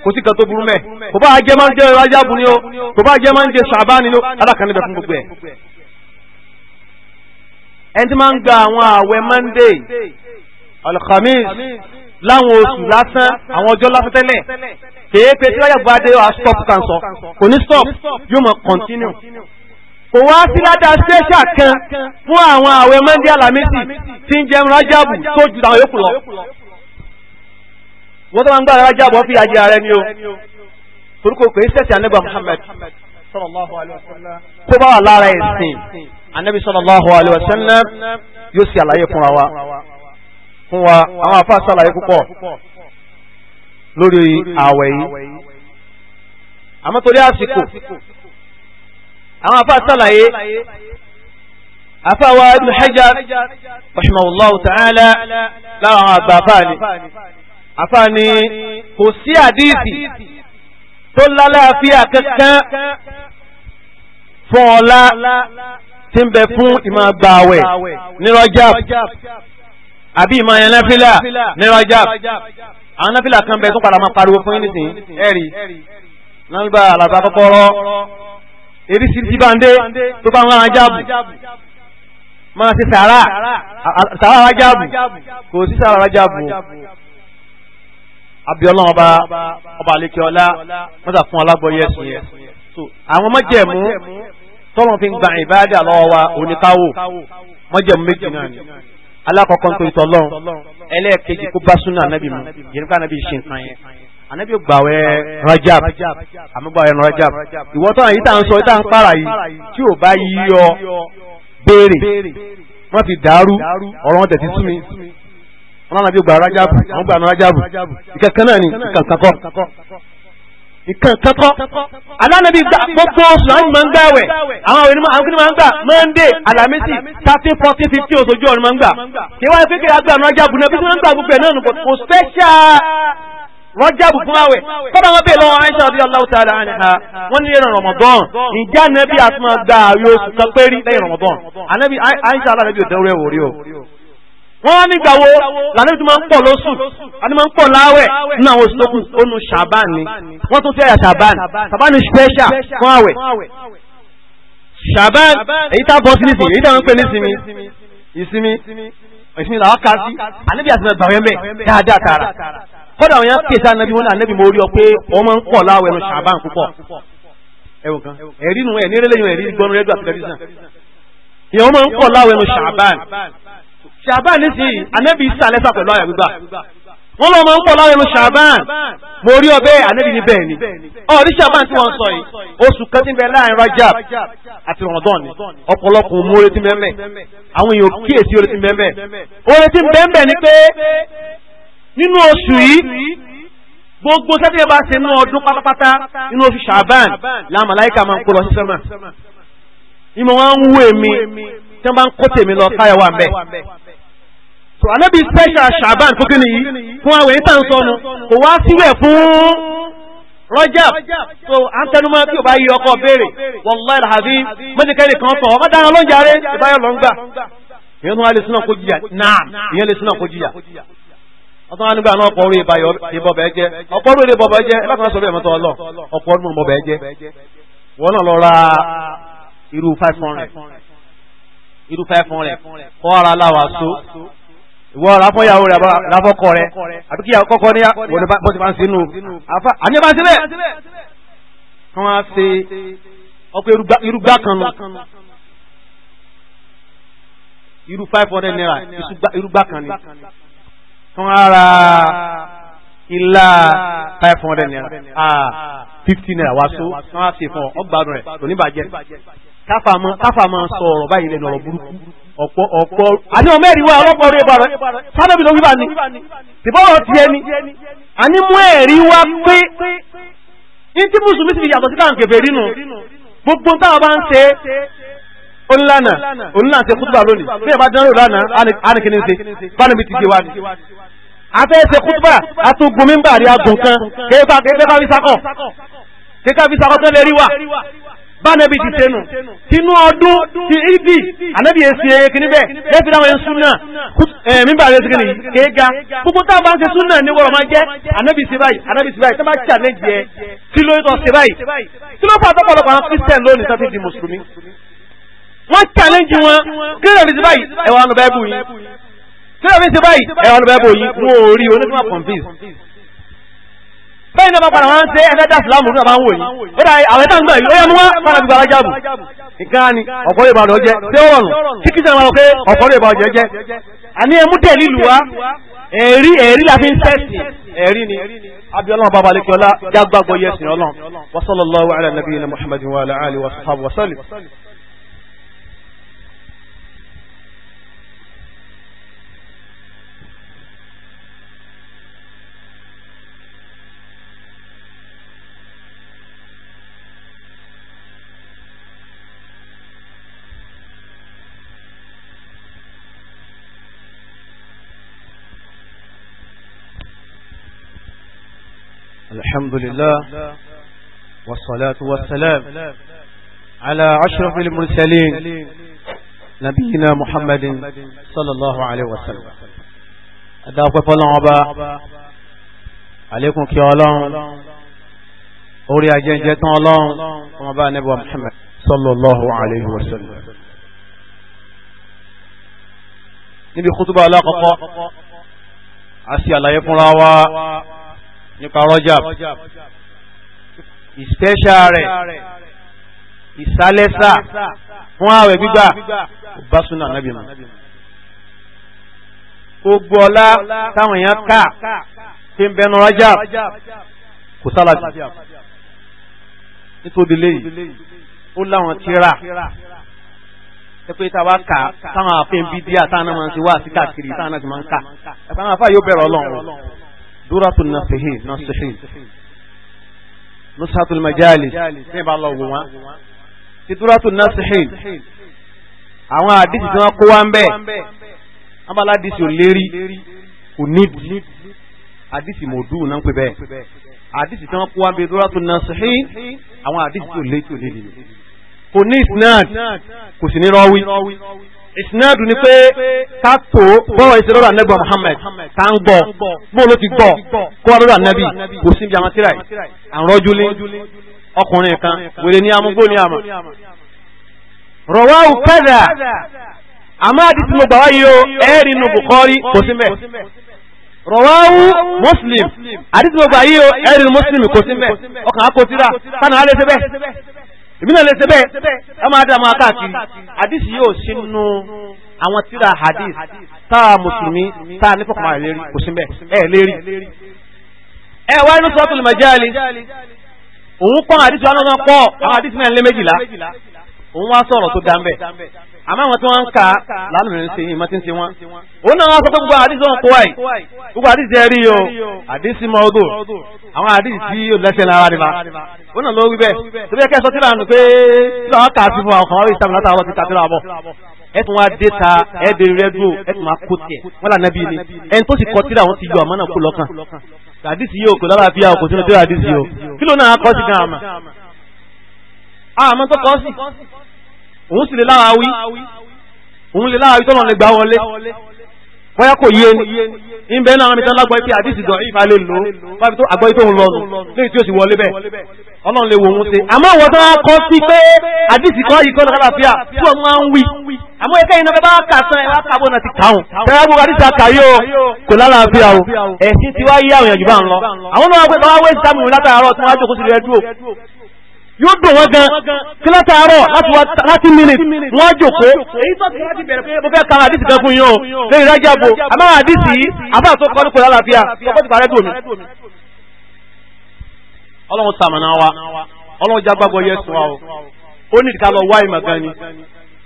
kò sí kan tó burú mẹ́ kò bá jẹ́ máa ń jẹ́ rajab ni ó kò bá jẹ́ máa ń jẹ́ sàbáni ni ó alákan níbẹ̀ fún gbogbo ẹ̀. ẹni tí máa ń gba àwọn ààwẹ̀ mọ́ndé alkhamis láwọn oṣù lásán àwọn ọjọ́ lásán kéèké tí wáyà bá dé wa stop kan sọ kò ní stop yóò mọ̀ continue kò wá sí ládà ṣẹ́ṣà kan fún àwọn àwẹ̀ mọ́ndé alamisi tí ń jẹun rájàbù tó ju àwọn yòókù lọ. wọ́n tó máa ń gbà rájàbù ọ́fíì ajé ara ẹni o torúkọ pé ṣẹ̀ṣẹ̀ anábà Muhammad tó bá wà lára ẹ̀sìn anábì sallallahu alaihi wasallam yóò ṣe àlàyé fúnra wa fún wa àwọn afá ṣàlàyé púpọ̀ lórí àwẹ̀ yìí àmọ́ torí àsìkò àwọn àfáà sàlàyé àfáà wa ibn hajar rahimahullahu ta'ala lára àwọn àgbà àfáà ni àfáà ni kò sí àdíìsì tó lálàáfíà kankan fún ọlá tí ń bẹ fún ìmọ̀ gbààwẹ̀ ní Rajab àbí ìmọ̀ ẹ̀yẹn náfìlà ní Rajab àwọn náfìlà kan bẹ tó padà máa pariwo fún yín nísìnyí ẹ̀rí náà àlàbà kọ́kọ́rọ́ èrí sí ti bá ń dé tó bá ń wá ajáàbù máa ṣe sàárà sàárà ajáàbù kò sí sàárà ajáàbù abiola ọba ọba alekeola mọ́tà fún alábọ̀yé ẹ̀sùn yẹn so àwọn mọ́jẹ̀mú tọ́lọ́n fi ń gba ìbáàdà lọ́wọ́ wa oníkáwò mọ́jẹ̀mú méjì náà ni alákọ̀ọ́kọ́ ń tó ìtọ́lọ́run ẹlẹ́ẹ̀kejì kó bá súnà nábì mu yẹn ká nábì ṣe nǹkan yẹn ànábì ò gbàwẹ̀ rajab àmúgbàwẹ̀ rajab ìwọ tó àyíká ń sọ ìta ń para yìí tí ò bá yí ọ béèrè wọn ti dàrú ọ̀rọ̀ wọn tẹsí súnmi wọn ànábì ò gbà rajab àwọn gbà rajab ìkankan náà ni kankankọ nǹkan kankan alánàbí gbogbo oṣù láti máa ń gbà wẹ̀ àwọn àwọn ènìyàn àwọn máa ń gbà monday alamisi thirteen fourteen fifteen oṣooju ọ̀run máa ń gbà kí wọ́n á kékeré agbára ọ̀nà náà bí wọ́n ń gbà gbogbo ẹ̀ náà nù kò special rọ́jàbù fún àwẹ̀ kọ́bà wọn bèèrè lọ́wọ́ àìṣà bí Allahu ta'ala anha wọ́n ní ẹ̀rọ Ramadan ìjà nẹ́bí àti máa gba àrí oṣù kan péré lẹ́yìn Ramadan ànẹ́bí àìṣà aláàbí ò dẹ́rù ẹ̀wò rí o. wọ́n wá nígbà wo lànàbí tó máa ń pọ̀ lóṣù àti máa ń pọ̀ láwẹ̀ nínú àwọn oṣù tó kù ónú ṣàbán ni wọ́n tún fẹ́ yà ṣàbán ṣàbán ni special fún àwẹ̀ ṣàbán èyí tá a bọ́ sí nísìnyí èyí tá a ń pè nísìnyí ìsinmi ìsinmi làwọn kà sí ànẹ́bí àti kọ́dà àwọn yẹn pèsè anabi wọn anabi mo rí ọ pé wọ́n máa ń pọ̀ láwọ̀ ẹnu ṣàbán púpọ̀ ẹ̀wọ̀n kan ẹ̀rí nu ẹ̀ní eré lẹ́yìn ẹ̀rí gbọ́nu rẹ́díò àti tẹlifíṣàn ìyẹn wọ́n máa ń pọ̀ láwọ̀ ẹnu ṣàbán ṣàbán nísìnyí anabi sàlẹ̀ sà pẹ̀lú àyà gbígbà wọ́n lọ́ máa ń pọ̀ láwọ̀ ẹnu ṣàbán mo rí ọ bẹ́ẹ̀ anabi ní bẹ́ẹ̀ ni ọ̀rí ṣàbán tí wọ́n sọ yìí oṣù kan ti bẹ láàrin Rajab àti Ramadan ni ọ̀pọ̀lọpọ̀ mo retí mẹ́mẹ́ àwọn èèyàn kíyèsí retí mẹ́mẹ́ retí mẹ́mẹ́ ni pé nínú oṣù yìí gbogbo sẹ́tẹ̀ bá ṣe inú ọdún pátápátá inú oṣù ṣàbán làwọn màláìka máa ń kó lọ sí sẹ́mà ìmọ̀ wọn ń wú èmi tí wọ́n bá ń kó tèmi lọ káyọ̀ wà mẹ́. tó anábì special ṣàbán fún kí nìyí fún àwọn èyí tàn sọnù kò wá síbẹ̀ fún Rajab tó àtẹnumọ́ tí o bá yí ọkọ̀ béèrè wallahi alhazi mẹ́tẹ̀kẹ́rì kan sọ ọmọdé àwọn ọlọ́jà rẹ̀ ìbáyọ̀ lọ́ngbà ìyẹn tó wá lè sínú kó jìyà náà ìyẹn lè sínú kó jìyà ọtọ́ wọn nígbà náà ọkọ̀ orí ìbọ̀bẹ̀ jẹ́ ọkọ̀ orí ìbọ̀bẹ̀ jẹ́ ẹ bá kan sọ bẹ́ẹ̀ mọ́tọ́ ọlọ́ ọkọ̀ orí ìbọ̀bẹ̀ jẹ́ wọn náà lọ ra irú five hundred irú five hundred kọ́ ara láwa so ìwọ ràfọ́yàwó rẹ̀ ràfọ́kọ rẹ̀ àbí kí kọ́kọ́ ní bó ti bá ń sinú àfa àní bá ń sílẹ̀ kí wọ́n á ṣe ọkọ̀ irúgbà kan nù irú five hundred naira irúgbà kan ni wọ́n á ilá five hundred naira ah fifty naira wá so wọ́n á ṣe fún ọ ọgbàdùn rẹ̀ kò ní bàjẹ́ káfà máa sọ ọ̀rọ̀ báyìí lẹ́nu ọ̀rọ̀ burúkú ọ̀pọ̀ ọ̀pọ̀ àní ọmọ ẹ̀rí wa ọlọ́pọ̀ orí ẹ̀bà rẹ̀ sábẹ́bí ló wíwá ni tìbọ́rọ̀ ti ẹni àní mú ẹ̀rí wa pé ní tí mùsùlùmí ti fi yàtọ̀ sí káàkiri fèrè nù gbogbo táwọn bá ń ṣe onílànà onílànà ṣe kútùbà lónìí bí ẹ bá dánwò lánàá ánìkíní ṣe bá níbi ti ṣe ni afẹ́ẹ́sẹ̀ kúbà àtúgùn mímbà rí agùn kan kéka kéka fi sakọ̀ kéka fi sakọ̀ tó lè rí wà bánẹ́bí ti tẹnu tinú ọdún ti ìdí ànábì èsì ẹ̀kì níbẹ̀ lẹ́fì dáwọn ẹ̀ súnà mímbà rẹ̀ sígìnì kéga gbogbo tá a bá ń ṣe súnà ní wọ́rọ̀ máa jẹ́ ànábì sí báyìí ànábì sí báyìí tó máa ṣà lẹ́jẹ̀ kí ló tọ́ sí báyìí kí ló pàtó pọ̀lọpọ̀ àwọn kristian lónìí tó fi di mùsùlùmí wọ́n ṣà lẹ́jì wọn kí ló rí sí báyìí ẹ̀wọ̀n àná tí wọ́n fi ṣe báyìí ẹ̀rọ ló bẹ́ẹ̀ bò yí mú orí onísìmọ̀ confuse. bẹ́ẹ̀ ni ọba padà wọn ṣe ẹ̀fẹ́ dá sílámù ní àbáwọ̀ yìí ó dà àwọn ẹ̀dá nígbà yìí ó yẹ mú wá padà fi gbàrà jáàbù. nǹkan ni ọ̀pọ̀ lè bàdàn jẹ tí ó rọrùn kí kí sẹ́ni wọn pé ọ̀pọ̀ lè bàdàn jẹ àní ẹmú tẹ̀lé ìlú wa ẹ̀rí ẹ̀rí la fi ń tẹ̀sí ẹ̀rí ni abiola baba alekola jágbàgbọ́ yẹsìn ọlọ́run wasalaamu alayhi wa sallam الحمد لله والصلاة والسلام على أشرف المرسلين نبينا محمد صلى الله عليه وسلم أدعوك عبا عليكم كي الله أوري أجنجة الله ومبا نبوى محمد صلى الله عليه وسلم نبي خطبة على قطع àti àlàyé fúnra nípa Rajab ìṣẹ́ṣà rẹ̀ ìsálẹ́sà fún ààwẹ̀ gbígbà bá súnà náà bímọ. gbogbo ọlá táwọn èèyàn ká tí ń bẹnu Rajab kò sálàbí nítorí léyìí ó láwọn tíra ẹ̀pẹ́ tá a bá kà táwọn àfihàn bíi díà táwọn náà máa ń ti wá sí káàkiri táwọn náà ti máa ń kà ẹ̀pẹ́ àwọn yóò bẹ̀rẹ̀ ọlọ́run dúrátù nàṣìhì nàṣìhì nushatul majalis ní ìbá lọ wò wọn ti dúrátù nàṣìhì àwọn àdìsí tí wọn kó wá ń bẹ abala àdìsí ò lérí kò nídìí àdìsí mòdù náà ń pè bẹ́ẹ̀ àdìsí tí wọn kó wá ń bẹ dúrátù nàṣìhì àwọn àdìsí tí ò létí ò lédìí kò ní ìsinad kò sì ní rọwí. ìsinadu ni pé ká tó bọ́wọ́ ìṣe lọ́dọ̀ anabi muhammed tá ń gbọ́ bóun ló ti gbọ́ kó wà lọ́dọ̀ anabi kò sí ibi àwọn yìí àrọ́júlé ọkùnrin kan wèrè ní amúgbó ní àmà. rọ̀wáwù kẹ́dà àmọ́ mo gbà wáyé o ẹ̀ẹ́rì nù bùkọ́rí kò sí mẹ́. rọ̀wáwù muslim àdìsí mo gbà yí o ẹ̀ẹ́rì kò sí mẹ́ ọkàn á kò síra èmi náà lè ṣe bẹ́ẹ̀ ẹ máa dá máa káàkiri hadith yóò sínú àwọn tíra hadith a mùsùlùmí táà nífọ̀kànmá lérí kò sí bẹ́ẹ̀ ẹ lérí. ẹ wá inú sọ́tùlùmọ̀jáàlì òun kọ́ hadith wọn náà pọ̀ àwọn hadith mẹ́rin lé méjìlá òun wá sọ̀rọ̀ tó dáńbẹ̀ àmọ́ àwọn tí wọ́n ń ka lánàá ń ṣe ìmọ̀ tí ń ṣe wọ́n. òun náà wọ́n sọ pé gbogbo àdìsí wọn kó wáyé gbogbo àdìsí ẹ rí o àdìsí mọ odò àwọn àdìsí tí yóò lẹ́sẹ̀ lára rẹ̀ bá. òun náà ló wí bẹ́ẹ̀ tó bí kẹ́sọ́ tí lànà pé nígbà wọn kà á sí fún àwọn kan wọ́n rí ìtàmì látàwọn ti kà síra bọ̀. ẹ tún wá dé ta ẹ dé rẹ́dúró ẹ tún máa kó tiẹ̀ wọ́n là nẹ́bí ni ẹni tó sì kọ tíra àwọn ti yọ àmọ́ náà kó lọ́kàn. àdìsí yóò kò lára bíyà òkò sínú tíra àdìsí yóò kí ló náà kọ́ sí gan òun sì lè lára wí òun lè lára wí tọ́lọ̀ lè gbà wọlé bóyá kò yé ni nbẹ náà mi tán lágbọ́ pé àdìsí dọ̀ ìfà lè lò fáfi tó àgbọ́ tó ń lọ nù léyìí tí ó sì wọlé bẹ́ẹ̀ ọlọ́run lè wò ó ṣe àmọ́ àwọn tó kọ́ sí pé àdìsí kọ́ yìí kọ́ ní kálàfíà tí wọ́n máa ń wí àmọ́ ẹ̀kẹ́ yìí bá kà sán ẹ̀ wá kàbọ̀ ti kàún tẹ́lá gbogbo àdìsí àkàrí o kò lálàáfíà o ẹ̀sìn ti wá yí àwọn èèyàn bá ń lọ àwọn náà wá pé báwa wé yóò dùn wọ́n gan kílátà àárọ̀ láti minit wọ́n á jòkó èyí tó ti láti bẹ̀rẹ̀ pé mo fẹ́ ka àdìsí kan fún yín o lẹ́yìn rájà bo àmọ́ àdìsí àbá àtọ́ kọ́ nípò lálàáfíà ọkọ̀ ti parẹ́ dòmí. ọlọ́run sàmànà wa ọlọ́run jágbàgbọ́ yẹ sùn wa o ó ní ìdíkà lọ wá ìmọ̀ gan ni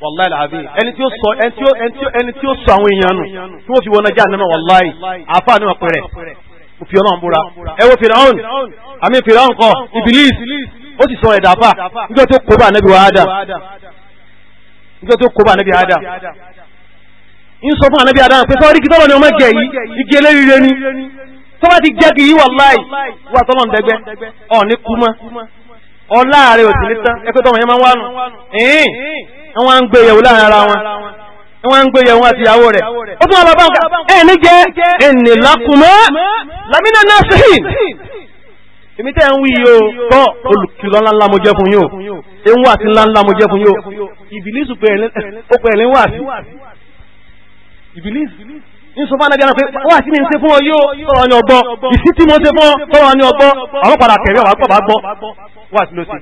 wàláì làbí ẹni tí ó sọ ẹni tí ó ẹni tí ó sọ àwọn èèyàn nù tí wọ́n fi wọn ajá nàmà wàláì àáfàá ni wọ́n pẹ̀rẹ̀ òfin ọlọ́run búra ẹ wo fìràhùn àmì fìràhùn kọ ìbílíìsì ó si sọ ẹ̀dá fà nígbà tó kó bá wa ádà ń sọ fún ànábì ádà pé ni ọmọ gẹ̀ yìí igi eléríire ni tó ti gẹ́gì yìí wàláì wà tọ́lọ́ ń dẹgbẹ́ ọ̀ ní kú mọ́ ní tán ẹgbẹ́ tọ́mọ yẹn máa ń ń gbé yẹ̀wò láàrin ara wọn wọ́n ń gbé yẹ̀wọ́n àti ìyàwó rẹ̀. ó tún bàbá ẹ̀ èmi tẹ́ ń wí yìí o tọ́ olùkìlọ̀ ńláńlá mo jẹ́ fún yín o ewu àti ńláńlá mo jẹ́ fún yín o ìbílísù pẹ̀lẹ́ ní wà sí ìbílísù ní sọ fún anábíà pé wà sí mi ń ṣe fún ọ yóò tọrọ ní ọgbọ ìsí tí mo ṣe fún ọ tọrọ ní ọgbọ àwọn padà kẹrẹ wà pàbà gbọ wà sí ló ti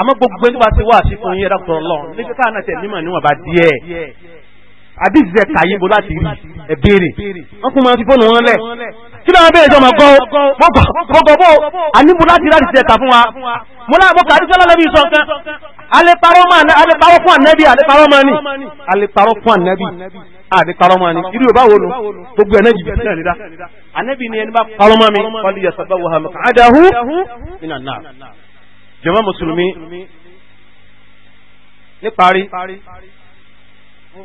àmọ́ gbogbo ẹni bá ti wà sí fún yín ẹ̀dá tọrọ lọ níbi káà náà tẹ̀ mímọ̀ níwọ̀n bá díẹ̀ àbí ìzẹ̀ka yín bo láti rí ẹ̀ béèrè wọ́n kún máa fi fóònù wọn lẹ̀ tí náà bẹ́ẹ̀ jọmọ̀ gan gbogbo àníbù láti láti tẹ̀ta fún wa múlá mọ́kà àdíjọ́ lọ́lẹ́bí sọ kan alẹ́parọ́ fún ànẹ́bí alẹ́parọ́ máa ní alẹ́parọ́ fún ànẹ́bí alẹ́parọ́ máa ní irú ìbá wo lò gbogbo ẹ̀ nẹ́bí bẹ̀rẹ̀ nílá ànẹ́bí ni ẹni bá parọ́ máa mi wọ́n yẹ sábà wọ́n hàmọ́ àdáhù nínà náà jàmá mùsùlùmí níparí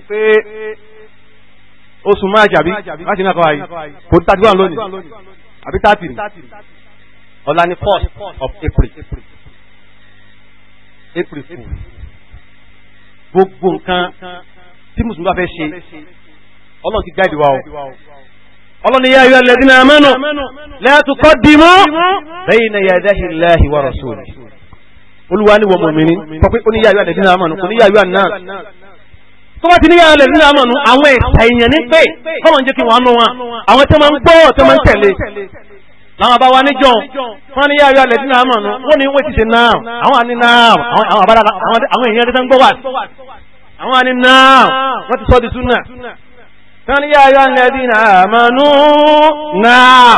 pé oṣù march àbí láti náà kọ́ ayé kò ní thirty one lónìí àbí thirty ni ọ̀la ni first of april april fool gbogbo nǹkan tí mùsùlùmí bá fẹ́ ṣe ọlọ́run ti gáàdì wa o ọlọ́run ya ayyuhal ladhina amanu la tuqaddimu bayna yadayi llahi wa rasulihi olúwa ni wọ́n mọ̀ mí ní pọ̀ pé ó ní ya ayyuhal ladhina amanu tó bá ti ní yàrá lẹ́sìn náà mọ̀nù àwọn ẹ̀sà èèyàn ní pé kọ́mọ̀ ń jẹ́ kí wọ́n á nú wọn àwọn tí wọ́n ń gbọ́ tí wọ́n ń tẹ̀lé láwọn bá níjọ wọ́n ní yàrá lẹ́sìn náà mọ̀nù wọ́n ní wọ́n ti ṣe náà àwọn àní náà àwọn èèyàn tí wọ́n gbọ́ wà àwọn àní náà wọ́n ti sọ di súnà wọ́n ní yàrá lẹ́sìn náà mọ̀nù náà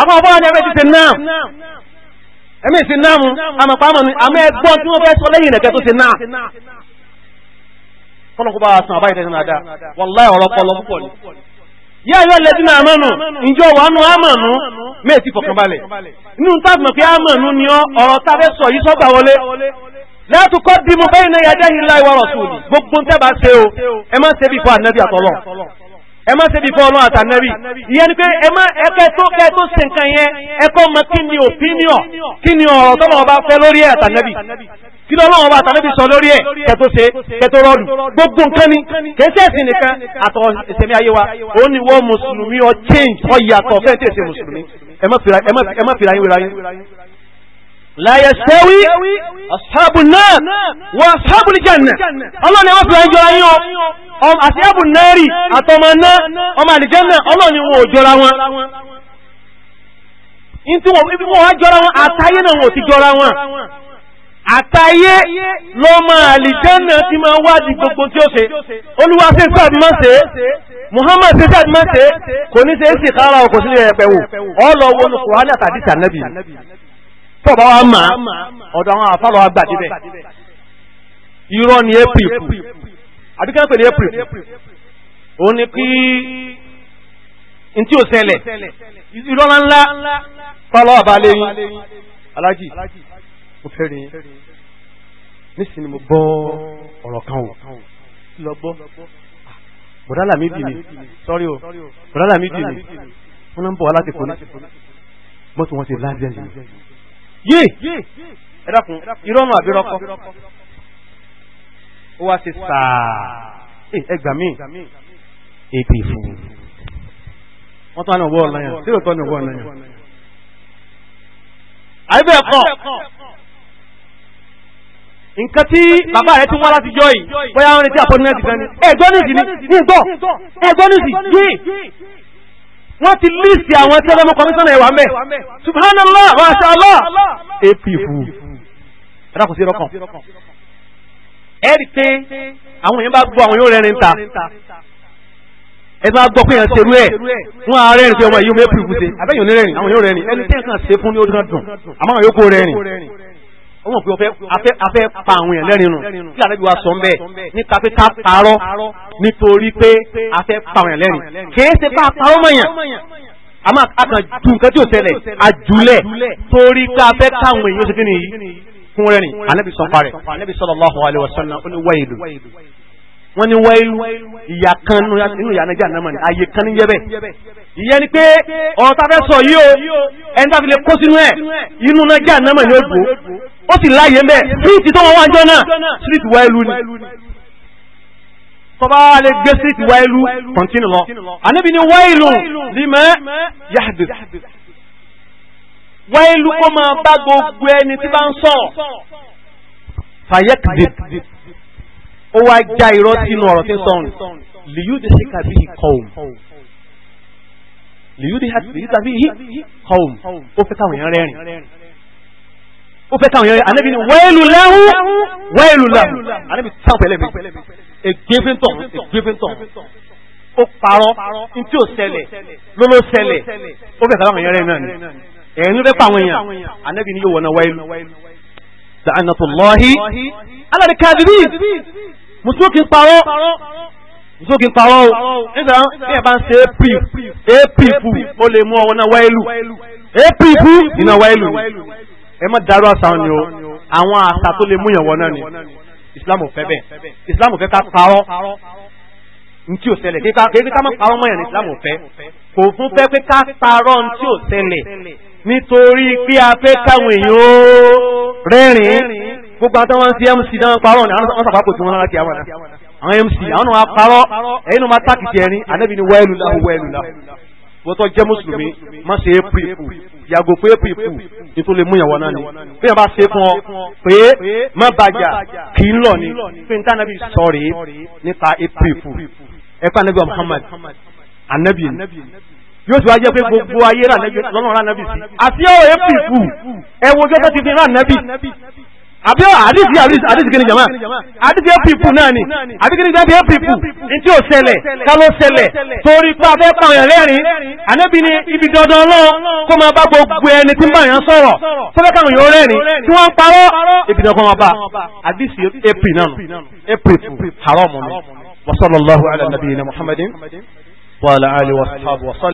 àwọn ọ̀bọ̀n ni ẹgbẹ́ ti ṣe náà ẹ̀mí ìsìn náà mu àmọ̀pá àmọ̀ ẹgbọ́n tí wọ́n fẹ́ sọ lẹ́yìn ìrẹ̀kẹ́ tó ṣe náà kọ́lọ́kọ́ bá san àbáyé tẹ́sán àdá wàláì ọ̀rọ̀ pọ̀ lọ púpọ̀ ni. yá ayọ́ lẹ́tí náà mọ́nu ìjọ wà nù ámọ̀nù méè ti fọkàn balẹ̀ inú tábìmọ̀ pé ámọ̀nù ni ọ̀rọ̀ tá a fẹ́ sọ yìí sọ́gbà wọlé láti kọ́ di mo bẹ́yìn náà yàjá yìí láì wọ́rọ̀ sùn ni gbogbo ń tẹ́bà ṣe o ẹ má ṣe bí fún ànábì àtọ́lọ́ ẹ má ṣe bí fún ọlọ́ àtànábì ìyẹn ni pé ẹ má ẹkẹ tó ṣe nǹkan yẹn ẹkọ mọ kí ni opinion kí lọ́lọ́wọ́ bá tàbí sọ lórí ẹ̀ kẹtó ṣe kẹtó rọlù gbogbo nǹkan ni kẹsí ẹ̀sìn nìkan àtọ̀ ìsẹ̀mí ayé wa ó ní wọ́n mùsùlùmí ọ change ọ yàtọ̀ fẹ́ tẹ̀sẹ̀ mùsùlùmí ẹ má fìlà yín wẹ̀rẹ̀ ayé. láyé sẹ́wí asábù náà wọ asábù ní jàǹnà ọlọ́ni ẹ má fìlà yín jọra yín o àti ẹ̀bù nẹ́ẹ̀rì àtọmọ náà ọmọ àlìjẹ́nà ọlọ́ni wọn ò jọra wọn ní tí wọn wá jọra wọn àtayé náà wọn ti jọra wọn àtayé ló mọ àlìjánà tí máa wádìí gbogbo tí ó ṣe olúwa ṣe sáàdì máa ṣe muhammad ṣe sáàdì máa ṣe kò ní ṣe é sì kára ọkọ̀ sílẹ̀ ẹ̀pẹ̀wò ọlọ wo ní kòhánì àtàdì sànẹ́bì tọ́ba wa mà ọ̀dọ̀ àwọn àfàlọ́ wa gbàdé bẹ̀ irọ́ ni april àbíkẹ́ pè ní april ó ní kí n tí ò ṣẹlẹ̀ irọ́ ńlá tọ́lọ́ ọba alájì mo fẹ́ rí nísìnyí mo bọ́ ọ̀rọ̀ kan o lọ bọ́ bọ̀dálà mi bì mí sọ́rí o bọ̀dálà mi bì mí wọ́n náà ń bọ̀ wá láti fún mi mọ́tò wọn ti láńdẹ́ẹ̀lì yé ẹ dákun irọ́ mọ̀ àbí rọ́kọ́ ó wá ti sàá eh, ẹgbà mí èpè fún wọ́n tán ní ọwọ́ ọ̀nà yẹn tí ó ní ọwọ́ ọ̀nà yẹn àyíbẹ̀ ẹ̀kọ́ nǹkan tí bàbá rẹ̀ ti wá láti jọ yìí bóyá wọ́n retí àpọ́nímẹ́ntì kan ní ẹ̀gbọ́n nìsí ní ìgbọ́ ẹ̀gbọ́n nìsí yìí wọ́n ti líìsì àwọn tí ọlọ́mọ kọmíṣánná ẹ̀wà mẹ́ subhanallah masha allah ap fu ẹ̀dá kò sí rọ́kàn ẹ̀rí pé àwọn èèyàn bá gbọ́ àwọn yóò rẹ́rin ta ẹ bá gbọ́ pé èèyàn ṣerú ẹ̀ wọ́n á rẹ́rin pé ọmọ yìí ó mẹ́pù ìfúse ó mọ̀ pé ọ̀fẹ́ afẹ́ pa àwọn èèyàn lẹ́rìnù tí àlẹ́bí wa sọ ń bẹ́ẹ̀ nípa pé ká parọ́ nítorí pé afẹ́ pa àwọn èèyàn lẹ́rìn kìí ṣe bá parọ́ mọ̀yàn àmọ́ àkàn ju nǹkan tí ò ṣẹlẹ̀ àjùlẹ̀ torí ká afẹ́ káwọn èèyàn ṣe kí ni yìí fún rẹ̀ ni àlẹ́bí sọ parẹ́ àlẹ́bí sallallahu alaihi wasallam ó ní wáyé lò wọ́n ní wáyé ìyá kan nínú ìyá nàìjíríà náà mọ̀ni ààyè kan níjẹ́ bẹ́ẹ̀ ìyẹn ni pé ọ̀rọ̀ tá a fẹ́ sọ yìí o ẹni tá a fi lè kó sínú ẹ̀ inú nàìjíríà náà mọ̀ni ògbó ó sì láàyè ń bẹ́ẹ̀ síríìtì tó wọ́n wá jọ náà síríìtì wáyé lu ni tọba alẹ́ gbé síríìtì wáyé lu kọ̀ntínú lọ ànábi ni wáyé lu limẹ́ yahdu wáyé lu kó máa bá gbogbo ẹni tí bá ń sọ fàyẹ́kìdì ó wá já irọ́ sínú ọ̀rọ̀ tí ń sọ̀rùn lìyúdi sí kàbí kọ́ọ̀m lìyúdi sí kàbí kọ́ọ̀m ó fẹ́ káwọn èèyàn rẹ́rìn ó fẹ́ káwọn èèyàn rẹ́rìn anábì ní wẹ́ẹ̀lù lẹ́hún wẹ́ẹ̀lù lẹ́hún anábì táwọn pẹ̀lẹ́ mi ègbéfíntọ̀ ègbéfíntọ̀ ó parọ́ ntí ò ṣẹlẹ̀ lóló ṣẹlẹ̀ ó fẹ́ káwọn èèyàn rẹ́rìn náà ni ẹ̀yìn ló pa àwọn èèyàn anábì ní mùsùlùmí kì í parọ́ mùsùlùmí kì í parọ́ o nígbà tí ẹ bá ń ṣe april april ó lè mú ọwọ́ náà wáyélu april iná wáyélu ẹ má darú àṣà ni o àwọn àṣà tó lè mú yàn wọ náà ni Islam ò fẹ́ bẹ́ẹ̀ Islam ò fẹ́ ká parọ́ ntí o ṣẹlẹ̀ kékeré ká má parọ́ mọ́ yàn ní Islam ò fẹ́ kò fún fẹ́ pé ká parọ́ ntí o ṣẹlẹ̀ nítorí pé a fẹ́ káwọn èèyàn rẹ́rìn-ín gbogbo àtàwọn wọn sí mc náà parọ́ ni àwọn sàpapọ̀ tí wọ́n rán kí àwọn àwọn mc àwọn náà parọ́ ẹ̀yìn náà máa tákìtì ẹ̀rín ànábì ni wẹ́ẹ̀lú láhùn wẹ́ẹ̀lú láhùn wọ́tọ́ jẹ́ mùsùlùmí má ṣe é pìpù yàgò pé pìpù nítorí mú ìyàwó náà ni bí wọ́n bá ṣe fún ọ pé má bàjá kì í lọ ni pé níta ànábì sọ rèé nípa pìpù ẹ̀pẹ́ ànábì Muhammad ànábì yóò sì wá jẹ́ pé gbogbo ayé rà lọ́nà rà ànábì sí àti ọ̀rẹ́ pìpù ẹ̀wọ̀n jọ́tọ́ ti fi rà ànábì àbí àdìsí àdìsí kìíní jama àdìsí ẹ pípù náà ni àbí kìíní jáde ẹ pípù ní tí ò ṣẹlẹ̀ ká ló ṣẹlẹ̀ torí pé abẹ́ pààyàn lẹ́rìn ànábì ni ibi dandan lọ́wọ́ kó máa bá gbogbo ẹni tí ń bàyàn sọ̀rọ̀ tó fẹ́ káwọn yóò rẹ́rìn tí wọ́n ń parọ́ ibi dandan wọn bá àdìsí ẹ pì náà nù ẹ pípù haram mi wasallallahu ala nabiyina muhammadin wa ala alihi wa sahbihi wa sallam.